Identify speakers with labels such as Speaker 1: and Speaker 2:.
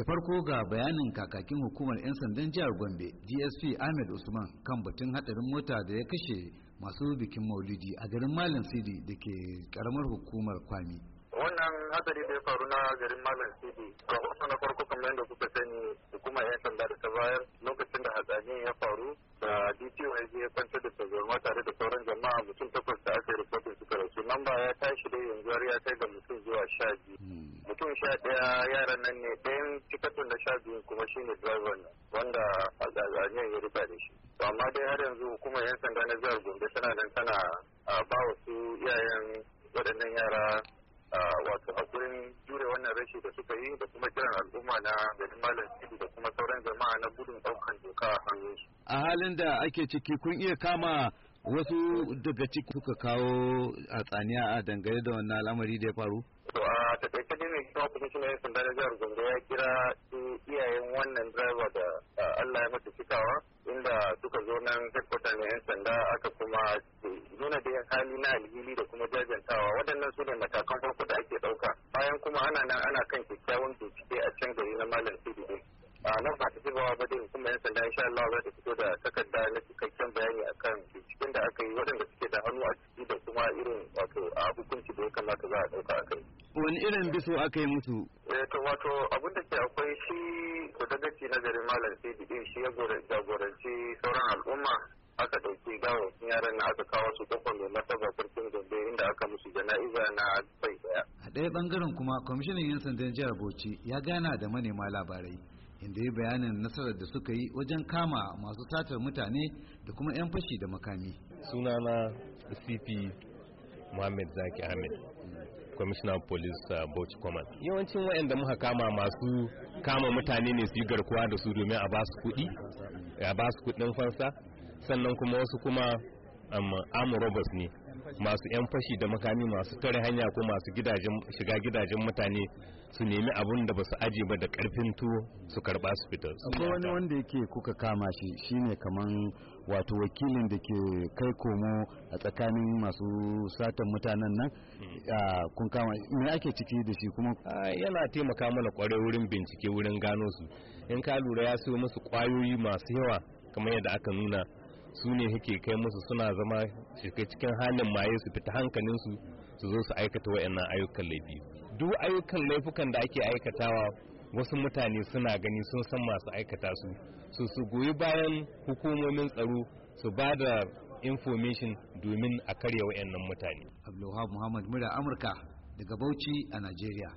Speaker 1: da farko ga bayanin kakakin hukumar 'yan sandan jihar gombe dsp ahmed usman kan batun hadarin mota da ya kashe masu bikin maulidi a garin malam sidi da ke
Speaker 2: karamar hukumar kwami wannan hadari da ya faru na garin malam sidi a wasu na farko kamar yadda kuka sani hukumar 'yan sanda da ta bayar lokacin da hatsarin ya faru da dpo ya kwantar da tazarma tare da sauran jama'a mutum takwas da aka yi rikotin suka rasu ba ya tashi da yanzu har ya kai ga mutum zuwa sha biyu mutum sha ɗaya yaran nan ne ɗayan cikakken da sha biyu kuma shi ne driver ne wanda a ya rika da shi to amma dai har yanzu kuma yan sanda na jihar gombe tana nan tana ba wa su iyayen waɗannan yara wato hakurin jure wannan rashi da suka yi da kuma kiran al'umma na garin malam sidi da kuma sauran jama'a na gudun ɗaukan doka a su. a halin da ake
Speaker 1: ciki kun iya kama wasu daga ciki suka kawo a tsaniya a dangane da wannan al'amari da ya faru?
Speaker 2: takaice dai mai kuma kwamishin yan jihar Gombe ya kira su iyayen wannan driver da Allah ya mata cikawa inda suka zo nan headquarter na yan sanda aka kuma eh, nuna da hali na alhili da kuma jajantawa waɗannan su ne matakan farko da ake ɗauka bayan kuma ana nan ana kan kyakkyawan bincike a can gari na malam Sidi a nan ba ta ba dai hukumar yan sanda insha Allah za ta fito da takarda na cikakken bayani akan kuma irin wato a hukunci da ya kamata za a ɗauka a kai.
Speaker 1: Wani irin biso aka yi musu?
Speaker 2: Eh to wato abin da ke akwai shi kudagaci na garin Malam sai din shi ya jagoranci sauran al'umma aka ɗauki gawa yaran na aka kawo su kofar mai masaba sarkin gombe inda aka musu jana'iza na bai daya. A ɗaya ɓangaren kuma kwamishinan 'yan sandan jihar Bauchi ya gana da manema
Speaker 1: labarai inda ya bayanin nasarar da suka yi wajen kama masu satar mutane da kuma 'yan fashi da makami. Sunana CP Muhammad Zaki Ahmed of police uh, Bauchi Command yawancin waɗanda muka kama masu kama mutane ne su yi garkuwa da su domin a ba su kuɗi a ba su kuɗin fansa sannan kuma wasu kuma amma um, ne masu 'yan fashi da makami masu tare hanya ko masu shiga gidajen mutane su nemi abun da basu su aji ba da karfin tuwo su karba su fitar akwai wani wanda yake kuka kama shi shine kaman wato wakilin da ke kai komo a tsakanin masu satan mutanen nan hmm. ah, kun kama me ake ciki da shi kuma ah, yana taimaka mana kwarai wurin bincike wurin gano su in ka lura ya siyo musu kwayoyi masu yawa kamar yadda aka nuna su ne yake kai musu suna zama shiga cikin halin maye su fita hankalinsu su zo su aikata wayannan ayyukan laifi duk ayyukan laifukan da ake aikatawa wasu mutane suna gani sun san masu aikata su su su goyi bayan hukumomin tsaro su ba da information domin a karya wayannan mutane abdulwahab muhammad mura amurka daga bauchi a nigeria